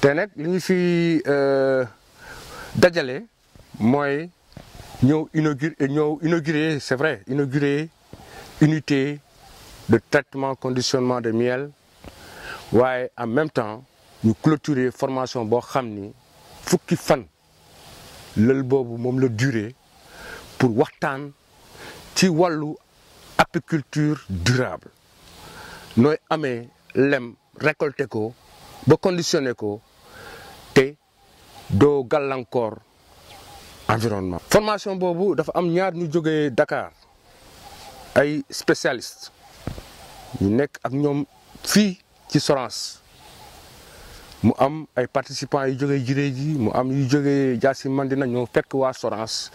te de li euh, c'est vrai une unité de traitement conditionnement de miel waye en même temps ñu clôturer formation bo fukki fan la durée pour waxtan ci apiculture durable noy de récolté ko ba conditionné ko te doo gàllankoor environnement. formation boobu dafa am ñaar ñu jógee Dakar ay spécialistes ñu nekk ak ñom fi ci Sorance mu am ay participants yu jógee Jiree ji mu am yu jógee Jaasi Mandina ñoo fekk wa Sorance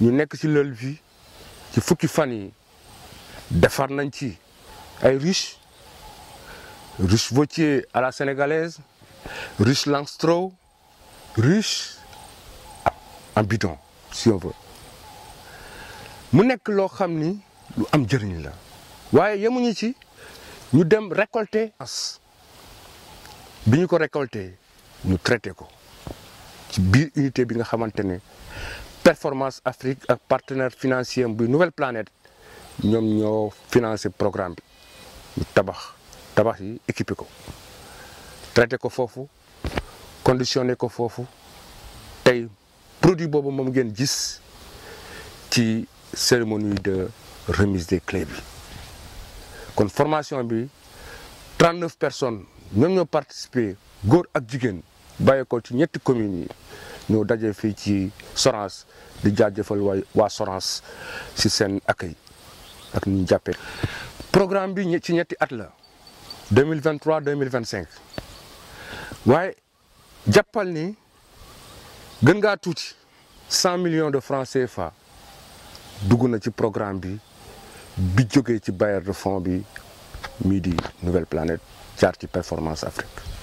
ñu nekk ci leul bi ci fukki fan yi defar nañ ci ay riche Ruche Vautier à la sénégalaise, Ruche Langstro, Ruche en bidon, si on veut. mu nekk que xam ni am jëriñ la waaye yemuñu ci nous dem récolter as Bien ko récolter traité unité Performance Afrique un partenaire financier bu Nouvelle Planète nous avons financé programme de tabac tabax yi équipé ko traité ko foofu conditionné ko foofu tey produit boobu moom ngeen gis ci cérémonie de remise des clés bi kon formation bi 39 personnes ñoom ñoo participé góor ak jigéen bàyyi ko ci ñetti communes yi ñoo daje fii ci Sorance di jaajëfal waa waa Sorance ci seen accueil ak ñu jàppee programme bi ci ñetti at la 2023 2025 waaye jàppal ni gën ngaa tuuti 100 millions de francs CFA dugg na ci programme bi bi jógee ci bailleur de fonds bi mii di Nouvelle Planète jaar ci Performance Afrique